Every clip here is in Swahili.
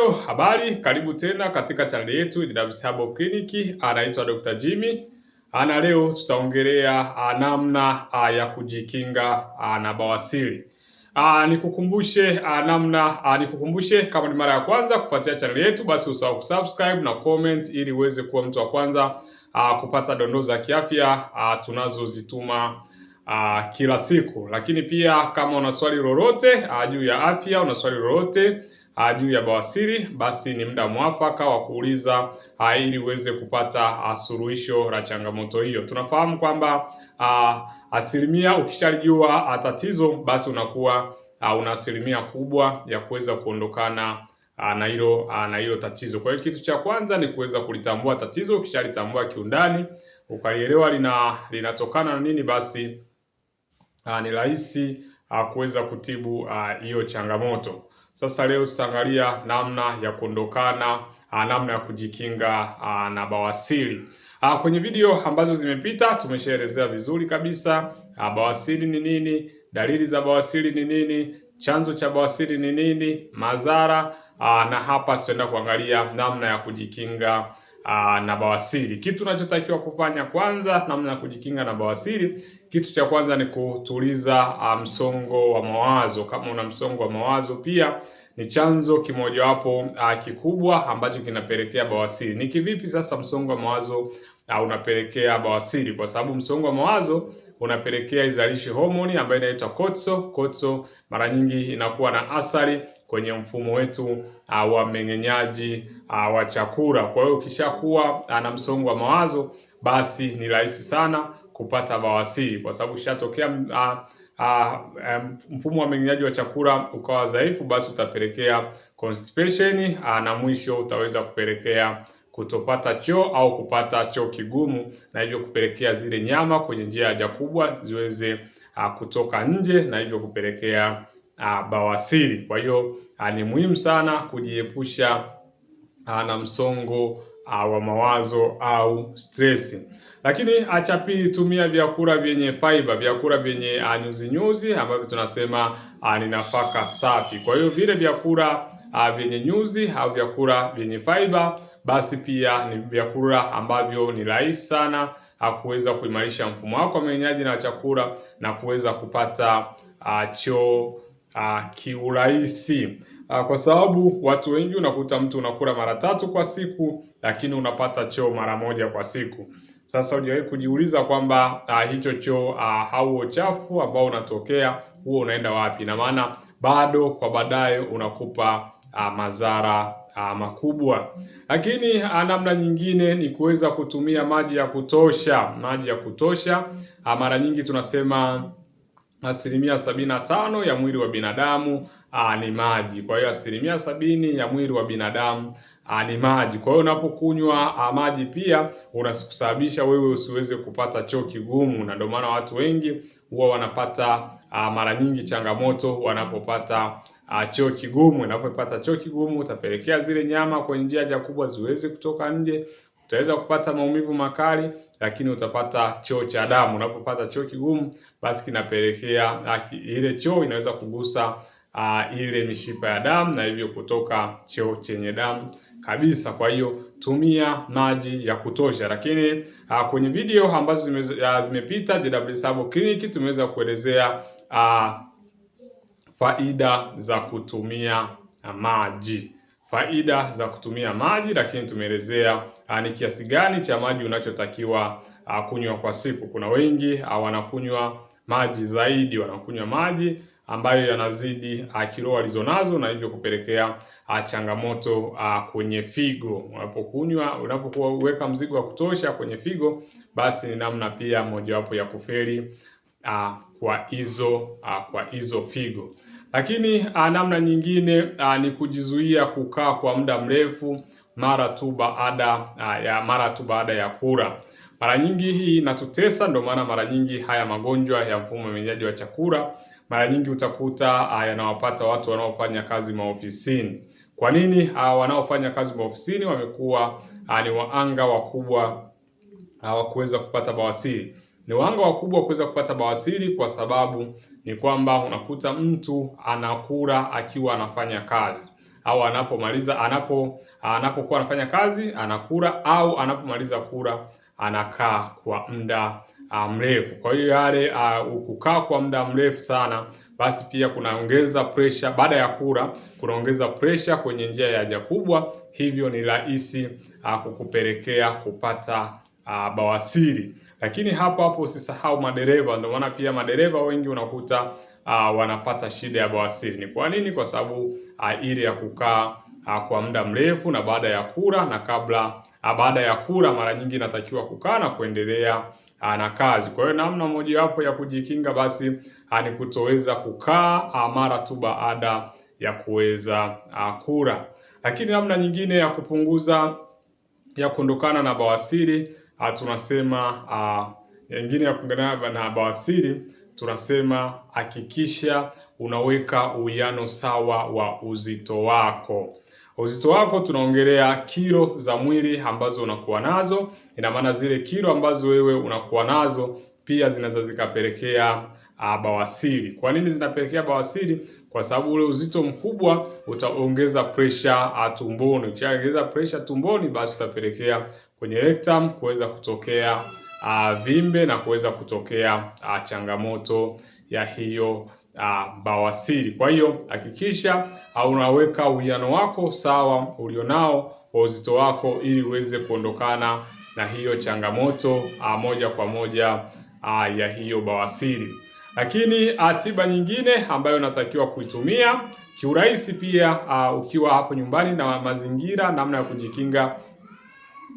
Hello, habari, karibu tena katika chaneli yetu Dynamics Herbal Clinic. Anaitwa Dr. Jimmy ana, leo tutaongelea ah, namna ah, ya kujikinga ah, na bawasiri. Nikukumbushe namna, nikukumbushe kama ni mara ya kwanza kufuatia chaneli yetu, basi usahau kusubscribe na comment ili uweze kuwa mtu wa kwanza kupata dondoo za kiafya tunazozituma kila siku. Lakini pia kama una swali lolote juu ya afya, una swali lolote Ah, juu ya bawasiri, basi ni muda mwafaka wa kuuliza ah, ili uweze kupata ah, suluhisho la changamoto hiyo. Tunafahamu kwamba asilimia, ukishalijua tatizo, basi unakuwa una asilimia kubwa ya kuweza kuondokana na hilo na hilo tatizo. Kwa hiyo kitu cha kwanza ni kuweza kulitambua tatizo, ukishalitambua kiundani, ukalielewa lina linatokana na nini, basi ni rahisi kuweza kutibu hiyo changamoto. Sasa leo tutaangalia namna ya kuondokana, ah, namna ya kujikinga ah, na bawasiri. Ah, kwenye video ambazo zimepita tumeshaelezea vizuri kabisa bawasiri ni nini, dalili za bawasiri ni nini, chanzo cha bawasiri ni nini, madhara, na hapa tutaenda kuangalia namna ya kujikinga na bawasiri. Kitu unachotakiwa kufanya kwanza, namna ya kujikinga na bawasiri kitu cha kwanza ni kutuliza ah, msongo wa mawazo. Kama una msongo wa mawazo, pia ni chanzo kimojawapo uh, kikubwa ambacho kinapelekea bawasiri. Ni kivipi sasa msongo wa mawazo uh, unapelekea bawasiri? Kwa sababu msongo wa mawazo unapelekea izalishi homoni ambayo inaitwa cortisol. Cortisol mara nyingi inakuwa na athari kwenye mfumo wetu uh, wa mmeng'enyaji uh, wa chakula. Kwa hiyo ukishakuwa na msongo wa mawazo, basi ni rahisi sana kupata bawasiri, kwa sababu ishatokea ah, ah, eh, mfumo wa mmeng'enyaji wa chakula ukawa dhaifu, basi utapelekea constipation ah, na mwisho utaweza kupelekea kutopata choo au kupata choo kigumu, na hivyo kupelekea zile nyama kwenye njia ya haja kubwa ziweze kutoka nje na hivyo kupelekea bawasiri. Kwa hiyo ni muhimu sana kujiepusha na msongo Uh, wa mawazo au stresi. Lakini acha uh, pili, tumia vyakula vyenye fiber, vyakula vyenye nyuzinyuzi uh, ambavyo tunasema ni nafaka safi. Kwa hiyo vile vyakula vyenye nyuzi au vyakula vyenye fiber, basi pia ni vyakula ambavyo ni rahisi sana kuweza kuimarisha mfumo wako wa mmeng'enyaji na chakula na kuweza kupata choo kiurahisi. Ah, kwa sababu watu wengi unakuta mtu unakula mara tatu kwa siku, lakini unapata choo mara moja kwa siku. Sasa hujawahi kujiuliza kwamba uh, hicho choo uh, ah, au uchafu ambao unatokea huo unaenda wapi? Na maana bado kwa baadaye unakupa uh, madhara uh, makubwa. Lakini uh, namna nyingine ni kuweza kutumia maji ya kutosha. Maji ya kutosha uh, mara nyingi tunasema asilimia sabini na tano ya mwili wa binadamu aa, ah, ni maji. Kwa hiyo asilimia sabini ya mwili wa binadamu aa, ah, ni maji. Kwa hiyo unapokunywa ah, maji pia unasababisha wewe usiweze kupata choo kigumu, na ndio maana watu wengi huwa wanapata aa, mara nyingi changamoto wanapopata choo kigumu. Unapopata choo kigumu, utapelekea zile nyama kwenye njia haja kubwa ziweze kutoka nje, utaweza kupata maumivu makali, lakini utapata choo cha damu. Unapopata choo kigumu, basi kinapelekea ile choo inaweza kugusa uh, ile mishipa ya damu na hivyo kutoka choo chenye damu kabisa. Kwa hiyo tumia maji ya kutosha. Lakini uh, kwenye video ambazo ah, zimepita zime jw Sabo Clinic tumeweza kuelezea uh, faida za kutumia maji faida za kutumia maji, lakini tumeelezea ni kiasi gani cha maji unachotakiwa kunywa kwa siku. Kuna wengi wanakunywa maji zaidi, wanakunywa maji ambayo yanazidi ah, kilo alizonazo na hivyo kupelekea ah, changamoto ah, kwenye figo. Unapokunywa, uweka mzigo wa kutosha kwenye figo, basi ni namna pia mojawapo ya kufeli kwa hizo kwa hizo figo. Lakini namna nyingine ni kujizuia kukaa kwa muda mrefu mara tu baada ya mara tu baada ya kula. Mara nyingi hii inatutesa, ndio maana mara nyingi haya magonjwa ya mfumo wa mmeng'enyo wa chakula mara nyingi utakuta ah, yanawapata watu wanaofanya kazi maofisini. Kwa nini ah, wanaofanya kazi maofisini wamekuwa ah, ni waanga wakubwa wa kuweza kupata bawasiri? Ni waanga wakubwa wa kuweza kupata bawasiri kwa sababu ni kwamba unakuta mtu anakula akiwa anafanya kazi au anapomaliza anapo anapokuwa anafanya kazi anakula au anapomaliza kula anakaa kwa muda uh, mrefu. Kwa hiyo yale uh, kukaa kwa muda mrefu sana basi pia kunaongeza pressure baada ya kula, kunaongeza presha kwenye njia ya haja kubwa, hivyo ni rahisi uh, kukupelekea kupata uh, bawasiri. Lakini hapo hapo usisahau madereva. Ndio maana pia madereva wengi unakuta uh, wanapata shida ya bawasiri. Ni kwa nini? Kwa sababu uh, ile ya kukaa Ah, kwa muda mrefu, na baada ya kura na kabla, ah, baada ya kura mara nyingi inatakiwa kukaa na kuendelea ah, na kazi. Kwa hiyo namna mojawapo ya kujikinga basi ni kutoweza kukaa mara tu baada ya kuweza kura. Lakini namna nyingine ya kupunguza ya kuondokana na bawasiri tunasema nyingine ya kuondokana na bawasiri tunasema hakikisha unaweka uwiano sawa wa uzito wako uzito wako tunaongelea kilo za mwili ambazo unakuwa nazo. Ina maana zile kilo ambazo wewe unakuwa nazo pia zinaweza zikapelekea ah, bawasiri. Kwa nini zinapelekea bawasiri? Kwa sababu ule uzito mkubwa utaongeza pressure ah, tumboni. Ukishaongeza pressure tumboni, basi utapelekea kwenye rectum kuweza kutokea ah, vimbe na kuweza kutokea changamoto ya hiyo bawasiri. Kwa hiyo hakikisha unaweka uwiano wako sawa ulionao kwa uzito wako ili uweze kuondokana na hiyo changamoto a, moja kwa moja a, ya hiyo bawasiri. Lakini tiba nyingine ambayo unatakiwa kuitumia kiurahisi pia a, ukiwa hapo nyumbani na mazingira, namna ya kujikinga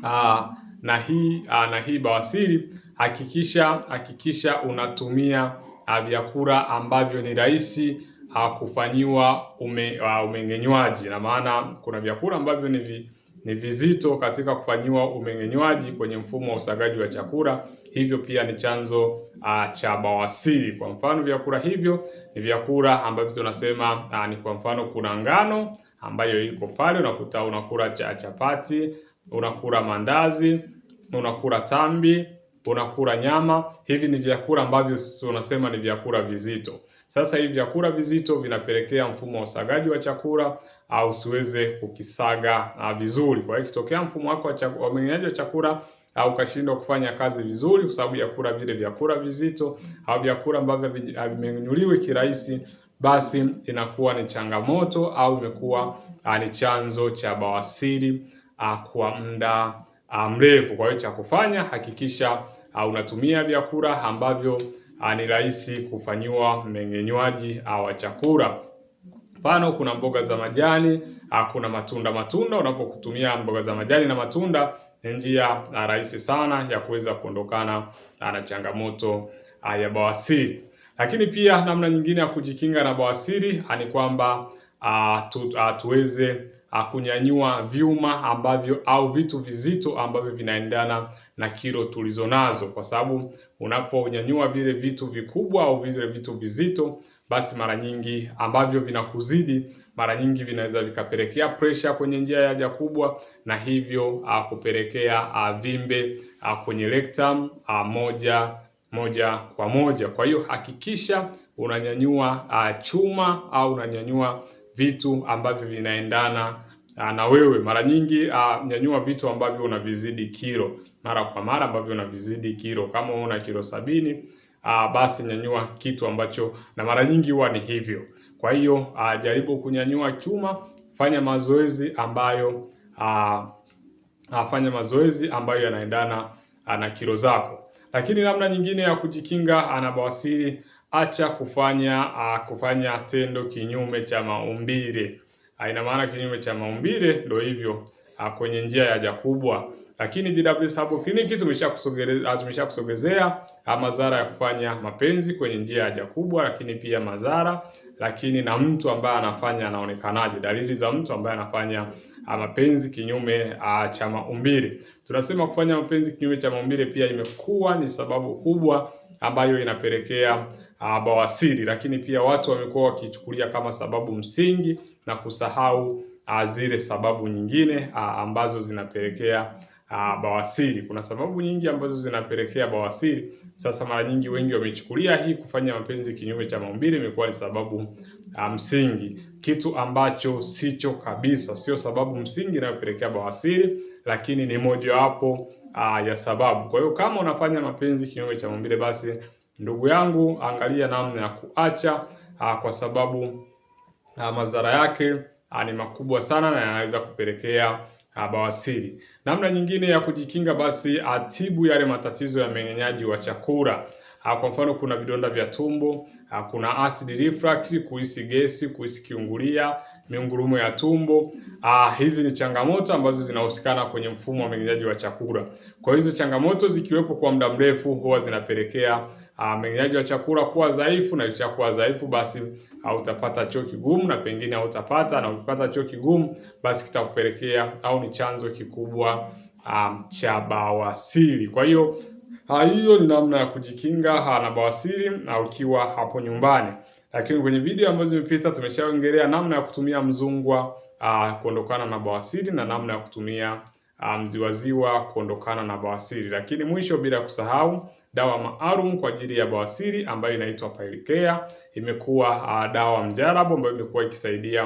a, na hii uh, na hii bawasiri, hakikisha hakikisha unatumia vyakula ambavyo ni rahisi ah, kufanyiwa ume, ah, umeng'enywaji, na maana kuna vyakula ambavyo ni vi, ni vizito katika kufanyiwa umeng'enywaji kwenye mfumo wa usagaji wa chakula, hivyo pia ni chanzo uh, cha bawasiri. Kwa mfano vyakula hivyo ni vyakula ambavyo tunasema uh, ni kwa mfano kuna ngano ambayo iko pale, unakuta unakula cha chapati, unakula mandazi, unakula tambi unakula nyama. Hivi ni vyakula ambavyo tunasema ni vyakula vizito. Sasa hivi vyakula vizito vinapelekea mfumo wa usagaji wa chakula au siweze kukisaga ah, vizuri. Kwa hiyo ikitokea mfumo wako wa umeng'enyaji wa chakula au kashindwa kufanya kazi vizuri kwa sababu ya kula vile vyakula vizito au vyakula ambavyo havimeng'enyuliwi kirahisi, basi inakuwa ni changamoto au imekuwa ah, ni chanzo cha bawasiri ah, kwa muda Ah, mrefu. Kwa hiyo cha kufanya, hakikisha ah, unatumia vyakula ambavyo ah, ni rahisi kufanyiwa mmeng'enywaji wa chakula. Mfano, kuna mboga za majani, kuna matunda. Matunda unapokutumia mboga za majani na matunda ni njia rahisi sana ya kuweza kuondokana na changamoto ya bawasiri. Lakini pia namna nyingine ya kujikinga na bawasiri ni kwamba tu, tuweze kunyanyua vyuma ambavyo au vitu vizito ambavyo vinaendana na kilo tulizonazo, kwa sababu unaponyanyua vile vitu vikubwa au vile vitu vizito, basi mara nyingi ambavyo vinakuzidi mara nyingi vinaweza vikapelekea presha kwenye njia ya haja kubwa, na hivyo a, kupelekea a, vimbe a, kwenye rectum a, moja moja kwa moja. Kwa hiyo hakikisha unanyanyua a, chuma au unanyanyua vitu ambavyo vinaendana na wewe. Mara nyingi uh, nyanyua vitu ambavyo unavizidi kilo mara kwa mara, ambavyo unavizidi kilo. Kama una kilo sabini, uh, basi nyanyua kitu ambacho, na mara nyingi huwa ni hivyo. Kwa hiyo uh, jaribu kunyanyua chuma, fanya mazoezi ambayo uh, fanya mazoezi ambayo yanaendana na kilo zako. Lakini namna nyingine ya kujikinga na bawasiri acha kufanya uh, kufanya tendo kinyume cha maumbile. Uh, ina maana kinyume cha maumbile ndio hivyo uh, kwenye njia ya haja kubwa. Lakini JWS hapo kliniki tumeshakusogezea tumeshakusogezea madhara ya kufanya mapenzi kwenye njia ya haja kubwa, lakini pia madhara, lakini na mtu ambaye anafanya anaonekanaje, dalili za mtu ambaye anafanya mapenzi kinyume cha maumbile. Tunasema kufanya mapenzi kinyume cha maumbile pia imekuwa ni sababu kubwa ambayo inapelekea bawasiri, lakini pia watu wamekuwa wakichukulia kama sababu msingi na kusahau ah, zile sababu nyingine ah, ambazo zinapelekea ah, bawasiri. Kuna sababu nyingi ambazo zinapelekea bawasiri. Sasa mara nyingi wengi wamechukulia hii kufanya mapenzi kinyume cha maumbile imekuwa ni sababu msingi, kitu ambacho sicho kabisa, sio sababu msingi inayopelekea bawasiri, lakini ni mojawapo ya sababu. Kwa hiyo kama unafanya mapenzi kinyume cha maumbile basi Ndugu yangu, angalia namna ya kuacha a, ah, kwa sababu a, ah, madhara yake a, ah, ni makubwa sana na yanaweza kupelekea bawasiri. Namna nyingine ya kujikinga basi, atibu yale matatizo ya mmeng'enyaji wa chakula. Kwa mfano kuna vidonda vya tumbo, kuna acid reflux, kuhisi gesi, kuhisi kiungulia, miungurumo ya tumbo. Hizi ni changamoto ambazo zinahusikana kwenye mfumo wa mmeng'enyaji wa chakula. Kwa hizo changamoto zikiwepo kwa muda mrefu, huwa zinapelekea mmeng'enyaji ah, wa chakula kuwa dhaifu, na kisha kuwa dhaifu basi hautapata choo kigumu na pengine hautapata, na ukipata choo kigumu basi kitakupelekea au ni chanzo kikubwa um, cha bawasiri. Kwa hiyo hiyo ni namna ya kujikinga na bawasiri na ukiwa hapo nyumbani. Lakini kwenye video ambazo zimepita tumeshaongelea namna ya kutumia mzungwa uh, kuondokana na bawasiri na namna ya kutumia mziwaziwa um, kuondokana na bawasiri. Lakini mwisho bila kusahau dawa maalum kwa ajili ya bawasiri ambayo inaitwa Pilecare. Imekuwa uh, dawa mjarabu ambayo imekuwa ikisaidia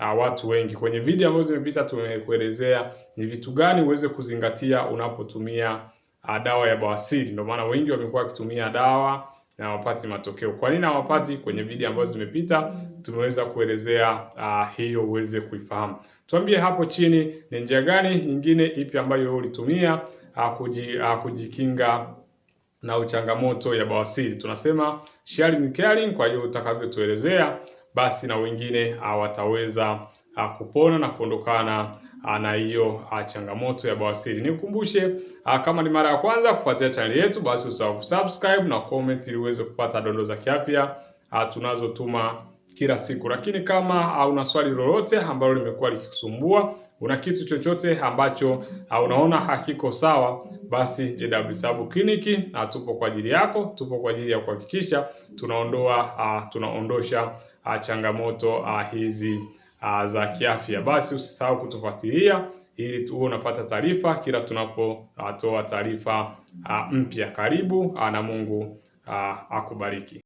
uh, watu wengi. Kwenye video ambazo zimepita tumekuelezea ni vitu gani uweze kuzingatia unapotumia uh, dawa ya bawasiri. Ndio maana wengi wamekuwa wakitumia dawa na hawapati matokeo. Kwa nini hawapati? Kwenye video ambazo zimepita tumeweza kuelezea uh, hiyo uweze kuifahamu. Tuambie hapo chini ni njia gani nyingine ipi ambayo ulitumia uh, kuji, uh, kujikinga na uchangamoto ya bawasiri. Tunasema sharing is caring, kwa hiyo utakavyotuelezea basi na wengine ah, wataweza ah, kupona na kuondokana ah, na hiyo changamoto ya bawasiri. Nikukumbushe, kama ni mara ya kwanza kufuatilia chaneli yetu, basi usahau kusubscribe na comment ili uweze kupata dondoo za kiafya tunazotuma kila siku. Lakini kama una swali lolote ambalo limekuwa likikusumbua, una kitu chochote ambacho unaona hakiko sawa basi JW Sabu Kliniki na tupo kwa ajili yako, tupo kwa ajili ya kuhakikisha tunaondoa uh, tunaondosha uh, changamoto uh, hizi uh, za kiafya. Basi usisahau kutufuatilia ili tu unapata taarifa kila tunapotoa uh, taarifa uh, mpya. Karibu uh, na Mungu uh, akubariki.